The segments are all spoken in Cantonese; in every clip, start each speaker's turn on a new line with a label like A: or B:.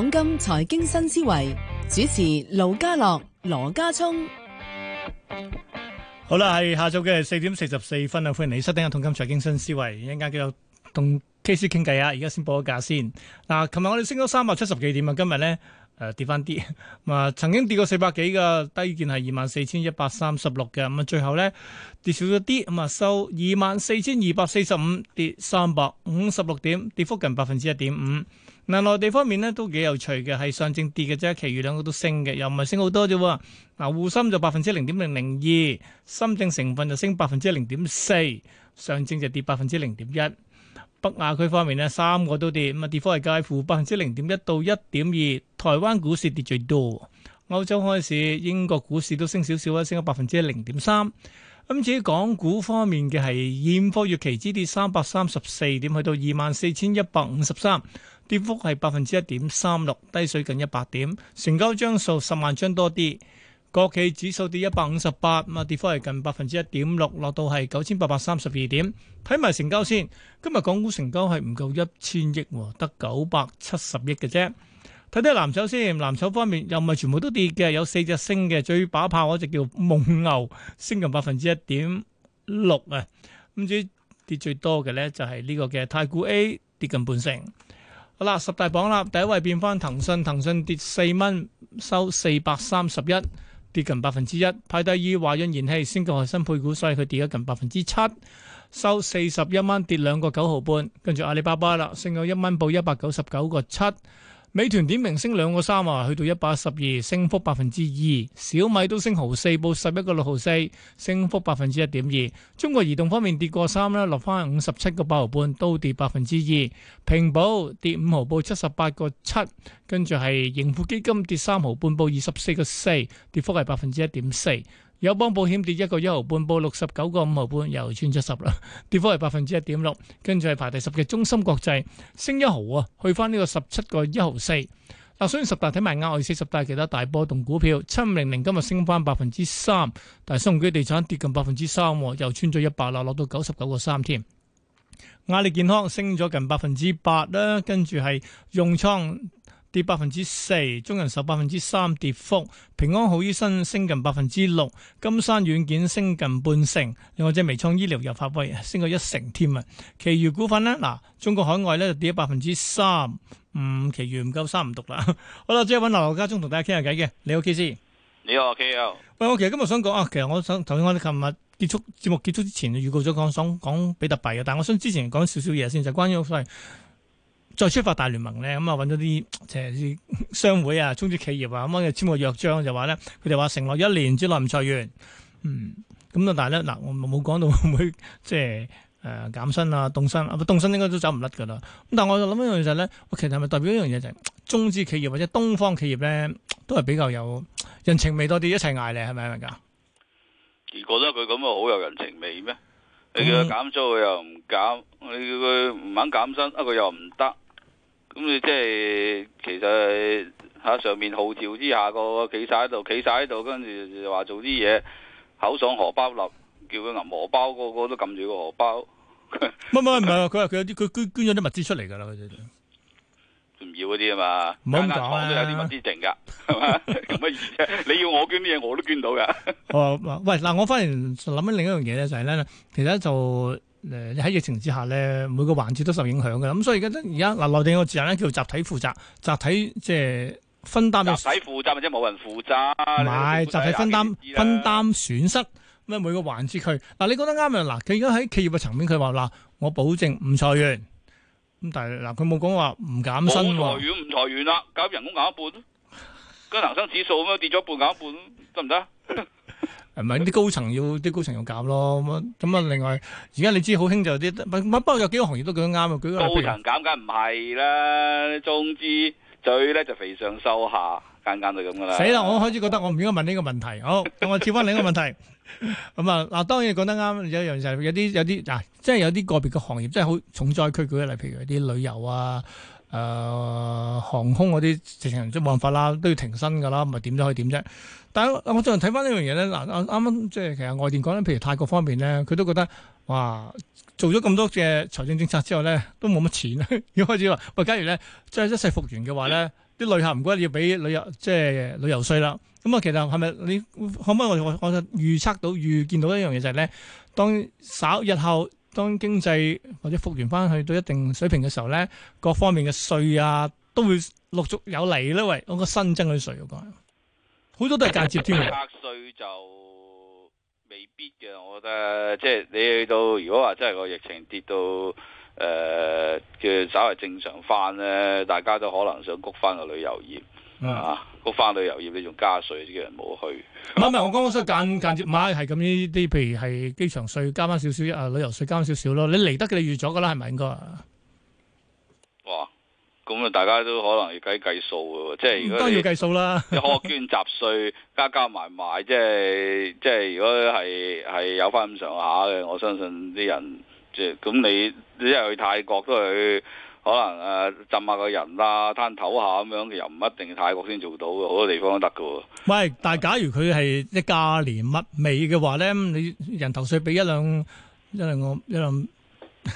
A: 《通金財經新思維》主持盧家樂、羅家聰，好啦，係下晝嘅四點四十四分啊！歡迎你收聽《通金財經新思維》，一陣間叫做同 K 師傾偈啊！而家先報咗價先嗱，琴日我哋升咗三百七十幾點啊！今日咧。誒、啊、跌翻啲，啊曾經跌過四百幾嘅低見係二萬四千一百三十六嘅，咁啊最後咧跌少咗啲，咁啊收二萬四千二百四十五，跌三百五十六點，跌幅近百分之一點五。嗱，內地方面咧都幾有趣嘅，係上證跌嘅啫，其餘兩個都升嘅，又唔係升好多啫。嗱、啊，滬深就百分之零點零零二，深證成分就升百分之零點四，上證就跌百分之零點一。北亞區方面咧，三個都跌，咁啊，跌幅係介乎百分之零點一到一點二。台灣股市跌最多，歐洲開市，英國股市都升少少啦，升咗百分之零點三。咁、嗯、至於港股方面嘅係，現貨月期指跌三百三十四點，去到二萬四千一百五十三，跌幅係百分之一點三六，低水近一百點，成交張數十萬張多啲。國企指數跌一百五十八，咁啊跌幅係近百分之一點六，落到係九千八百三十二點。睇埋成交先，今日港股成交係唔夠一千億喎，得九百七十億嘅啫。睇睇藍籌先，藍籌方面又唔係全部都跌嘅，有四隻升嘅，最把炮嗰隻叫蒙牛，升近百分之一點六啊。咁至跌最多嘅咧就係呢個嘅太古 A 跌近半成。好啦，十大榜啦，第一位變翻騰訊，騰訊跌四蚊，收四百三十一。跌近百分之一，派低於華潤燃氣，升到核心配股，所以佢跌咗近百分之七，收四十一蚊，跌兩個九毫半。跟住阿里巴巴啦，升咗一蚊，報一百九十九個七。美團點名升兩個三啊，去到一百十二，升幅百分之二。小米都升毫四，報十一個六毫四，升幅百分之一點二。中國移動方面跌過三啦，落翻五十七個八毫半，都跌百分之二。平保跌五毫，報七十八個七，跟住係盈富基金跌三毫半，報二十四個四，跌幅係百分之一點四。友邦保險跌一個一毫半，報六十九個五毫半，又穿咗十啦，跌幅係百分之一點六。跟住係排第十嘅中心國際升一毫啊，去翻呢個十七個一毫四。嗱，所以十大睇埋啱，外四思十大其他大波動股票七五零零今日升翻百分之三，但係宋居地產跌近百分之三，又穿咗一百啦，落到九十九個三添。阿里健康升咗近百分之八啦，跟住係用倉。跌百分之四，中人壽百分之三跌幅，平安好醫生升近百分之六，金山軟件升近半成，另外即微創醫療又發威，升過一成添啊！其餘股份咧，嗱、啊，中國海外咧就跌咗百分之三，嗯，其餘唔夠三唔讀啦。 好啦，即係揾羅家聰同大家傾下偈嘅，你好 KC 先你好 KC。K 喂，我其實今日想講啊，其實我想頭先我哋琴日結束節目結束之前預告咗想講比特幣嘅，但係我想之前講少少嘢先，就關於好謂。再出發大聯盟咧，咁啊揾咗啲誒商會啊、中資企業啊，咁啊簽個約章就話咧，佢哋話承諾一年之內唔裁員。嗯，咁、呃、啊，但係咧嗱，我冇講到會唔會即係誒減薪啊、凍薪啊，凍薪應該都走唔甩噶啦。咁但係我就諗一樣嘢咧，其實係咪代表一樣嘢就係中資企業或者東方企業咧，都係比較有人情味多啲，一齊嗌你係咪咁噶？
B: 而覺得佢咁樣好有人情味咩？你叫佢減租佢又唔減，你叫佢唔肯減薪，佢又唔得。咁你、嗯、即係其實喺、啊、上面號召之下個企晒喺度，企晒喺度，跟住話做啲嘢，口爽荷包立，叫佢揞荷包，個個都撳住個荷包。唔
A: 唔唔係，佢話佢有啲佢捐捐咗啲物資出嚟噶啦，佢哋，
B: 唔要嗰啲啊嘛。唔好講啊，都有啲物資剩噶，係嘛咁嘅意思啫。你要我捐啲嘢，我都捐到噶。
A: 哦，喂，嗱，我忽然諗起另一樣嘢咧，就係、是、咧，其實就。誒，你喺疫情之下咧，每個環節都受影響嘅，咁所以而家而家嗱內地有個字眼咧，叫集體負責，集體即係分擔，唔使
B: 負責或者冇人負責？唔係集體分擔，
A: 分擔損失。咩每個環節佢嗱，你覺得啱啊？嗱，佢而家喺企業嘅層面，佢話嗱，我保證唔裁員。咁但係嗱，佢冇講話唔減薪裁員，唔
B: 裁員啦，搞人工減一半，跟恒生指數咁樣跌咗半減一半，得唔得？行
A: 係咪啲高層要啲高層要減咯，咁啊咁啊！另外而家你知好興就啲，不過有幾個行業都講得啱啊！舉個，高層
B: 減梗唔係啦，中之最咧就肥上瘦下，間間都咁噶啦。死啦！我
A: 開始覺得我唔應該問呢個問題。好，咁 我接翻另一個問題。咁啊嗱，當然講得啱，有一樣就係有啲有啲嗱、啊，即係有啲個別嘅行業，即係好重災區，舉例，譬如啲旅遊啊。誒、呃、航空嗰啲直情人冇辦法啦，都要停薪㗎啦，唔係點都可以點啫。但係我最近睇翻呢樣嘢咧，嗱，啱啱即係其實外電講咧，譬如泰國方面咧，佢都覺得哇，做咗咁多嘅財政政策之後咧，都冇乜錢啦，要 開始話喂，假如咧即係一世復原嘅話咧，啲旅客唔該你要俾旅遊即係旅遊稅啦。咁、嗯、啊，其實係咪你可唔可以我我就預測到預見到一樣嘢就係咧，當稍日後。當經濟或者復原翻去到一定水平嘅時候咧，各方面嘅稅啊都會陸續有嚟咧。喂，我個新增嘅稅啊，好多都係間接添。
B: 稅就未必嘅，我覺得，我覺得即係你去到如果話真係個疫情跌到誒嘅、呃、稍為正常翻咧，大家都可能想谷翻個旅遊業。啊！個翻、嗯 呃、旅遊業你仲加稅，啲人冇去。
A: 唔，唔係，我剛剛想間、間接，唔係咁呢啲，譬如係機場稅加翻少少，啊旅遊稅加翻少少咯。你嚟得嘅，你預咗㗎喇，係咪應該？
B: 哇！咁啊，大家都可能要計計數喎，即係如果應要計
A: 數啦。啲 可
B: 捐雜稅加加埋埋，即係即係如果係係有翻咁上下嘅，我相信啲人即係咁你，你即係去泰國都係去。可能誒、呃、浸下個人啦，攤頭下咁樣，又唔一定泰國先做到嘅，好多地方都得㗎。
A: 喂，但係假如佢係一價廉物美嘅話咧，你人頭稅俾一兩一兩個一兩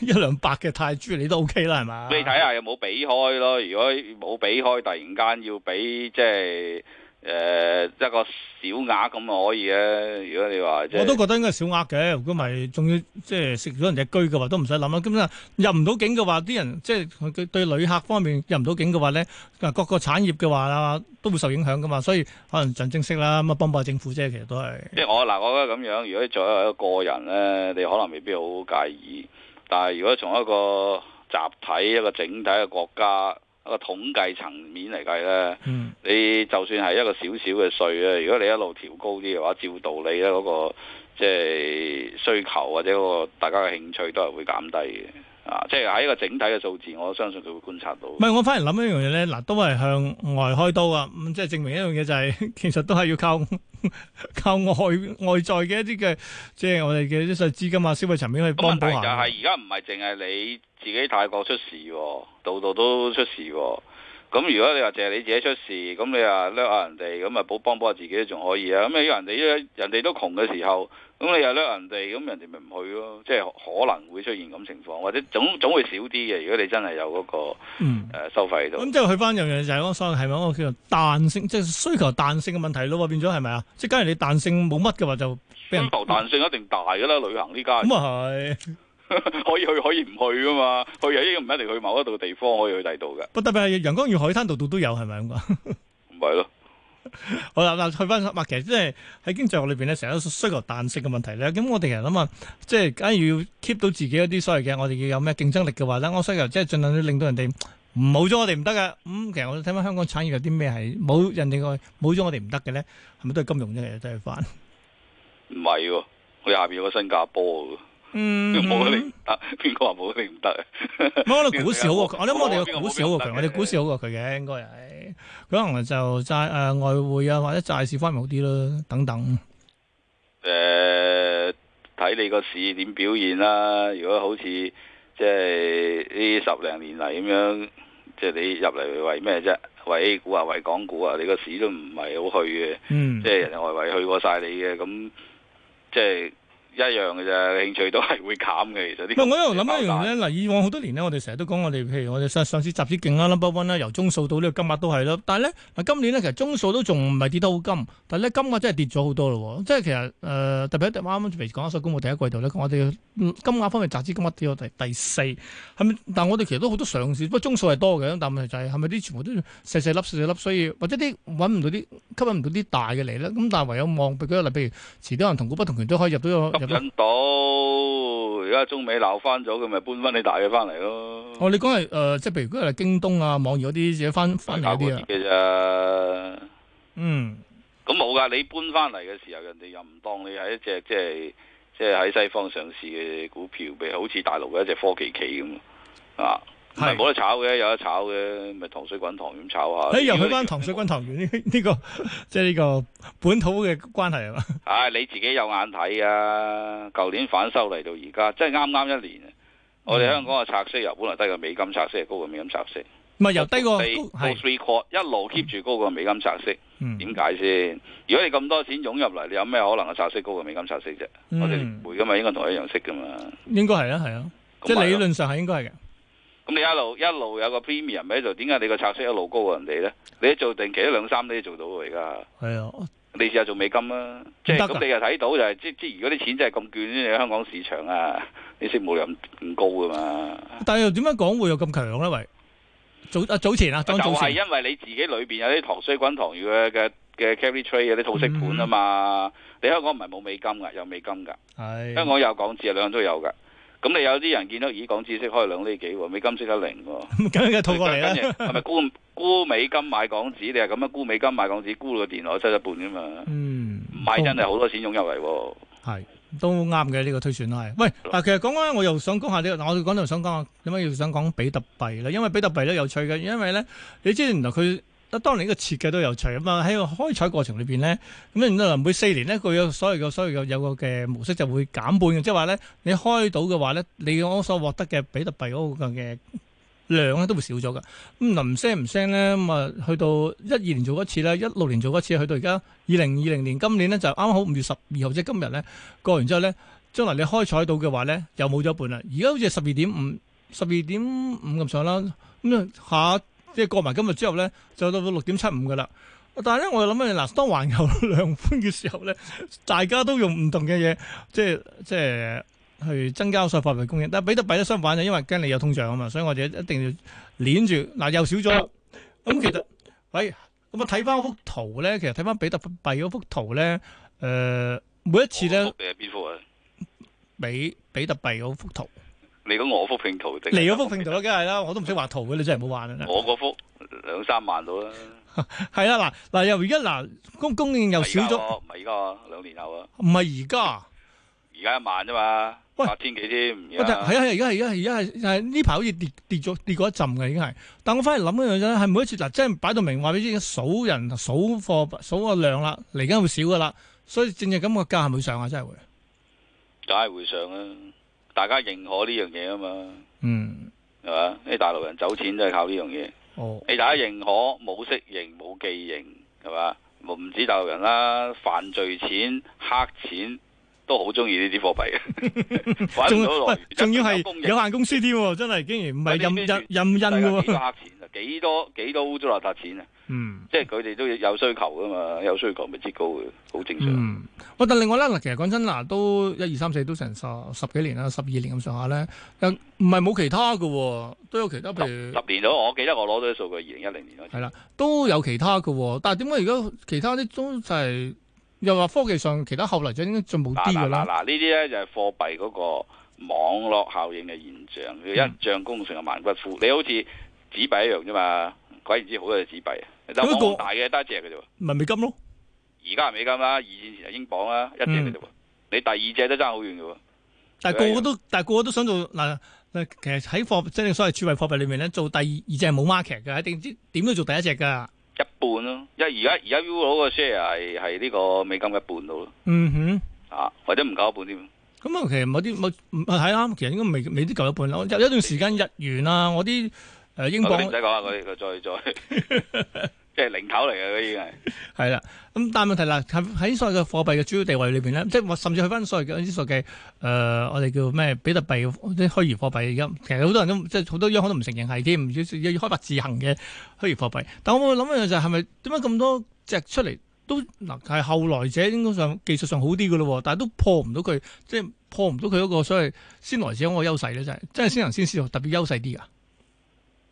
A: 一兩百嘅泰銖，你都 O K 啦，係嘛？你睇
B: 下有冇俾開咯？如果冇俾開，突然間要俾即係誒、呃、一個。小額咁啊可以嘅，如果你話，我都覺得應該係
A: 小額嘅。如果咪仲要即係食咗人哋居嘅話，都唔使諗啦。咁啊入唔到境嘅話，啲人即係對對旅客方面入唔到境嘅話咧，啊各個產業嘅話啊都會受影響噶嘛，所以可能盡正式啦，咁啊幫幫政府啫，其實都係。
B: 即係我嗱，我覺得咁樣，如果作為一個個人咧，你可能未必好好介意，但係如果從一個集體一個整體嘅個國家。一個統計層面嚟計咧，嗯、你就算係一個少少嘅稅咧，如果你一路調高啲嘅話，照道理咧嗰、那個即係、就是、需求或者個大家嘅興趣都係會減低嘅，啊，即係喺一個整體嘅數字，我相信佢會觀察到。唔係，我
A: 反而諗一樣嘢咧，嗱，都係向外開刀啊、嗯，即係證明一樣嘢就係、是，其實都係要靠靠外外在嘅一啲嘅，即係我哋嘅一啲嘅資金啊，消費層面去幫補下。但
B: 係而家唔係淨係你。自己泰國出事、喔，度度都出事、喔。咁如果你話淨係你自己出事，咁、嗯、你話甩下人哋，咁啊補幫補下自己都仲可以啊。咁、嗯、如果人哋人哋都窮嘅時候，咁、嗯、你又甩人哋，咁人哋咪唔去咯、喔。即係可能會出現咁情況，或者總總會少啲嘅。如果你真係有嗰、那個、呃、收費度，咁即係去
A: 翻樣樣就係咯，所以係咪嗰個叫做彈性，即係需求彈性嘅問題咯？變咗係咪啊？即係假如你彈性冇乜嘅話，就
B: 需求彈性一定大嘅啦、啊。旅行呢家咁啊係。
A: 嗯嗯嗯嗯
B: 可以去可以唔去噶嘛？去又一樣唔一定去某一度地方，可以去第度嘅。
A: 不特別係陽光與海灘度度都有，係咪咁啊？
B: 唔係咯。
A: 好啦，嗱，去翻、 嗯。其實即係喺經濟學裏邊咧，成日都需求彈性嘅問題咧。咁我哋其實諗下，即係假如要 keep 到自己一啲所謂嘅，我哋要有咩競爭力嘅話咧，我需求即係盡量要令到人哋冇咗我哋唔得嘅。咁其實我哋睇翻香港產業有啲咩係冇人哋個冇咗我哋唔得嘅咧，係咪都係金融咧真係煩？
B: 唔 係，佢下邊有個新加坡嗯，冇得邊個話冇得你唔得啊？我諗、嗯、股市好過，我諗我哋嘅股市好過佢，我哋股
A: 市好過佢嘅，的應該係。咁可能就債誒、呃、外匯啊，或者債市方面好啲咯，等等。
B: 誒、呃，睇你個市點表現啦、啊。如果好似即係呢十零年嚟咁樣，即係你入嚟為咩啫？為股啊，為港股啊，你個市都唔係好去嘅、嗯。即係人哋外圍去過晒你嘅，咁即係。一樣嘅啫，興趣都係會減嘅。其實啲、這、唔、個、我一路諗一樣
A: 咧。嗱打，以往好多年呢，我哋成日都講我哋，譬如我哋上上市集資勁啦，number one 啦，no. 1，由中數到呢個金額都係咯。但係咧，嗱今年咧，其實中數都仲唔係跌得好金，但係咧金額真係跌咗好多咯。即係其實誒，特別一啲啱啱，譬如公佈第一季度咧，我哋金額方面集資金額跌到第四，係咪？但係我哋其實都好多上市，不過中數係多嘅，但問題就係係咪啲全部都細細粒細細粒，所以或者啲揾唔到啲吸引唔到啲大嘅嚟咧。咁但係唯有望譬如，如遲啲可能同股不同權都可以入到個。印
B: 度，而家中美鬧翻咗，咁咪搬翻你大嘢翻嚟
A: 咯？哦，你講係誒，即係譬如嗰啲京東啊、網易嗰啲，只翻翻大啲嘅
B: 啫。嗯，咁冇噶，你搬翻嚟嘅時候，人哋又唔當你係一隻即係即係喺西方上市嘅股票，譬如好似大陸嘅一隻科技企咁啊。係冇得炒嘅，有得炒嘅，咪糖水滾糖點炒下？你又去
A: 翻糖水滾糖圓呢？呢、 呢個即係呢個本土嘅關係啊嘛！
B: 唉、哎，你自己有眼睇啊！舊年反修例嚟到而家，即係啱啱一年，嗯、我哋香港嘅拆息由本來低過美金拆息，高過美金拆息，咪由低個高個 t h 一路 keep 住高過美金拆息，點解先？如果你咁多錢湧入嚟，你有咩可能個拆息高過美金拆息啫？嗯、我哋唔會噶嘛，應該同一樣息噶嘛，
A: 應該係啊，係啊，即係理論上係應該係嘅。
B: 咁你一路一路有個 premium 喺度，點解你個拆息一路高過人哋咧？你一做定期一兩三厘做到啊，而家係啊，的你試下做美金啦，就是，即係咁你又睇到就係即即如果啲錢真係咁卷咧，你香港市場啊，你息冇咁咁高噶嘛。
A: 但又點樣講會有咁強咧？喂，早啊早前啊，早就係
B: 因為你自己裏邊有啲糖水滾糖嘅嘅嘅 carry trade 嗰啲套息盤啊嘛。嗯、你香港唔係冇美金噶，有美金噶，的嗯、香港有港紙，啊，兩都有噶。咁你有啲人見到，咦？港紙息開兩厘幾喎，美金息得零喎，
A: 咁嘅套過嚟啊？係
B: 咪沽沽美金買港紙？你係咁啊？沽美金買港紙，沽個電腦收一半啫嘛。嗯，買真係好多錢湧入嚟喎。
A: 係，都啱嘅呢個推算啦。係。喂，嗱，其實講開我又想講下呢，嗱，我講到想講啊，點解要想講比特幣咧？因為比特幣都有趣嘅，因為咧你知原來佢。嗱，當然個設計都有趣啊嘛！喺個開採過程裏邊咧，咁然每四年咧，佢有所謂嘅所謂嘅有個嘅模式，就會減半嘅，即係話咧，你開到嘅話咧，你所獲得嘅比特幣嗰個嘅量咧，都會少咗嘅。咁唔升唔升咧，咁啊，去到一二年做一次啦，一六年做一次，去到而家二零二零年今年咧，就啱啱好五月十二號，即係今日咧過完之後咧，將來你開採到嘅話咧，又冇咗一半啦。而家好似係十二點五，十二點五咁上啦，咁下。即係過埋今日之後咧，就到到六點七五噶啦。但係咧，我又諗起嗱，當環球量寬嘅時候咧，大家都用唔同嘅嘢，即係即係去增加晒貨幣供應。但係比特幣相反就因為驚你有通脹啊嘛，所以我哋一定要鏈住。嗱、啊，又少咗。咁、啊、其實，喂，咁我睇翻幅圖咧，其實睇翻比特幣嗰幅圖咧，誒、呃，每一次咧，係邊幅啊？比比特幣嗰幅圖。
B: 嚟到我幅拼圖定嚟嗰幅拼
A: 圖都梗係啦，我都唔識畫圖嘅，你真係冇玩啦。我
B: 嗰幅兩三萬到啦，
A: 係啦嗱，嗱又而家嗱供供應又少咗，唔
B: 係而家兩年後啊，唔係而家，而家一萬啫嘛，喂，八千幾添，係啊而
A: 家係而家係而家係呢排好似跌跌咗跌過一陣嘅已經係，但我翻嚟諗嗰樣嘢係每一次嗱，啊，真係擺到明話俾你知，數人數貨數個量啦，嚟緊會少噶啦，所以正正咁個價係咪會上啊？真係會，
B: 梗係會上啊。大家認可呢樣嘢啊嘛，嗯，係嘛？啲大陸人走錢都係靠呢樣嘢。你、哦、大家認可冇識認冇記認係嘛？唔止大陸人啦，犯罪錢黑錢都好中意呢啲貨幣。仲仲 還 要係有
A: 限公司添， 真係竟然唔係印印印印嘅
B: 喎。幾多幾多污糟邋遢錢啊？嗯，即係佢哋都有需求噶嘛，有需求咪接高嘅，好正常。
A: 嗯，我但另外咧，嗱，其實講真，嗱，都一二三四都成十十幾年啦，十二年咁上下咧，又唔係冇其他噶，都有其他，譬如十,十
B: 年咗，我記得我攞咗啲數據二零一零年嗰陣。
A: 係啦，都有其他噶，但係點解而家其他啲都就係又話科技上其他後來就應該進步啲噶啦？嗱
B: 呢啲咧就係貨幣嗰個網絡效應嘅現象，一將功成萬骨枯，嗯、你好似紙幣一樣啫嘛。鬼唔知好多紙幣啊！但係大嘅，得一隻嘅啫喎。美金咯、啊，而家係美金啦，以前前係英鎊啦、啊，一隻嘅啫喎。嗯、你第二隻都爭好遠嘅喎。但係個個都，
A: 但係個個都想做嗱，其實喺貨即係所謂儲備貨幣裏面咧，做第二隻冇 market 嘅，一定知點都做第一隻嘅，
B: 一半咯、啊，因為而家而家要個 share 係係呢個美金一半到、啊、咯。嗯哼，啊或者唔夠一半添。
A: 咁啊，其實我啲我啱，其實應該未未啲夠一半咯。有一段時間日元啊，我啲。英國唔使講啊，佢佢、哦
B: 嗯、再再即係 領頭嚟嘅，佢已經
A: 係係啦。咁但係問題嗱，喺所謂嘅貨幣嘅主要地位裏邊咧，即係甚至去翻所謂嘅之所嘅誒，我哋叫咩比特幣啲虛擬貨幣。而家其實好多人都即係好多央行都唔承認係添，要要開發自行嘅虛擬貨幣。但我會諗一樣就係、是，係咪點解咁多隻出嚟都嗱係後來者應該上技術上好啲嘅咯？但係都破唔到佢，即係破唔到佢嗰個所謂先來者嗰個優勢咧，就係真係先行先試特別優勢啲啊！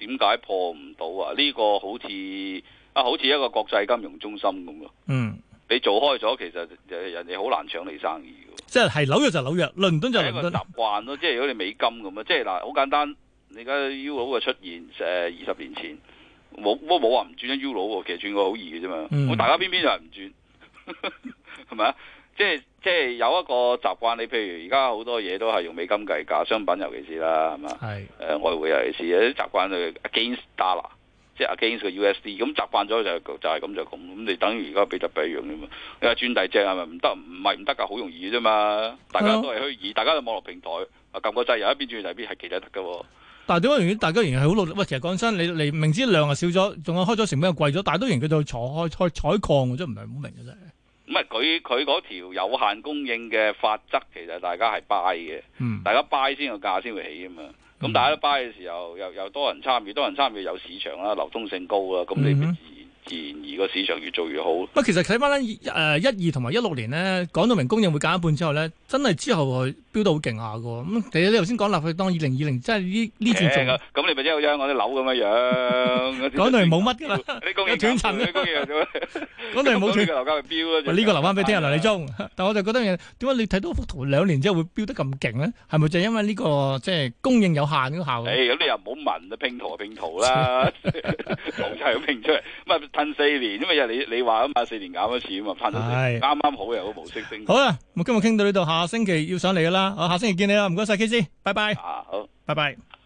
B: 點解破唔到啊？呢、這個好似啊，好似一個國際金融中心咁咯。嗯，你做開咗，其實人哋好難搶你生意
A: 嘅。即係，係紐約就紐約，倫敦就倫敦。一個習
B: 慣咯，即係如果你美金咁啊，即係嗱，好簡單。你而家 U 澳嘅出現誒，呃、二十年前冇，不過冇話唔轉 U 澳，其實轉個好易嘅啫嘛。嗯、我大家偏偏就係唔轉，係咪啊？即係即係有一個習慣，你譬如而家好多嘢都係用美金計價，商品尤其是啦，係嘛是？係誒、呃、外匯尤其是有啲習慣去 against dollar，即係 against 個 USD，咁習慣咗就是、就係、是、咁就咁，咁你等於而家比特幣用。啫嘛、哦。你話轉第隻係咪唔得？唔係唔得㗎，好容易啫嘛。大家都係虛擬，大家嘅網絡平台啊，撳個掣，由一邊轉去第二邊係幾得得㗎喎。但係
A: 點解大家仍然係好努力？喂，其實講真，你你明知量係少咗，仲有開咗成本又貴咗，但係都仍然繼續採開採採礦，唔係好明嘅啫。
B: 咁啊，佢佢嗰條有限供應嘅法則，其實大家係 buy 嘅，嗯、大家 buy 先個價先會起啊嘛。咁大家都 buy 嘅時候，又又多人參與，多人參與有市場啦，流通性高啦，咁你自、嗯、哼自然然而個市場越做越好。唔係、
A: 嗯哼， 其實睇翻咧，誒、呃，一二同埋一六年咧，講到明供應會減一半之後咧，真係之後去。飆得好勁下嘅，咁其實你頭先講落去當二零二零，真係
B: 呢呢段仲啊，咁你咪即係好似香港啲樓咁樣樣，講到嚟冇乜噶啦，啲供應短缺，啲供應啊，講到嚟冇存嘅樓價咪飆咯，呢個留翻俾聽日黎李忠，
A: 但我就覺得嘢點解你睇到幅圖兩年之後會飆得咁勁咧？係咪就因為呢個即係供應有限嘅效？誒，咁你又
B: 唔好問啊，拼圖啊拼圖啦，講曬都拼出嚟，唔係褪四年，因為你你話啊嘛，四年減一次啊嘛，翻到嚟啱啱好又個模式升。好
A: 啦，咁我傾到呢度，下星期要上嚟噶啦。我下星期見你啦，唔該晒 K C，拜拜，啊。好，拜拜。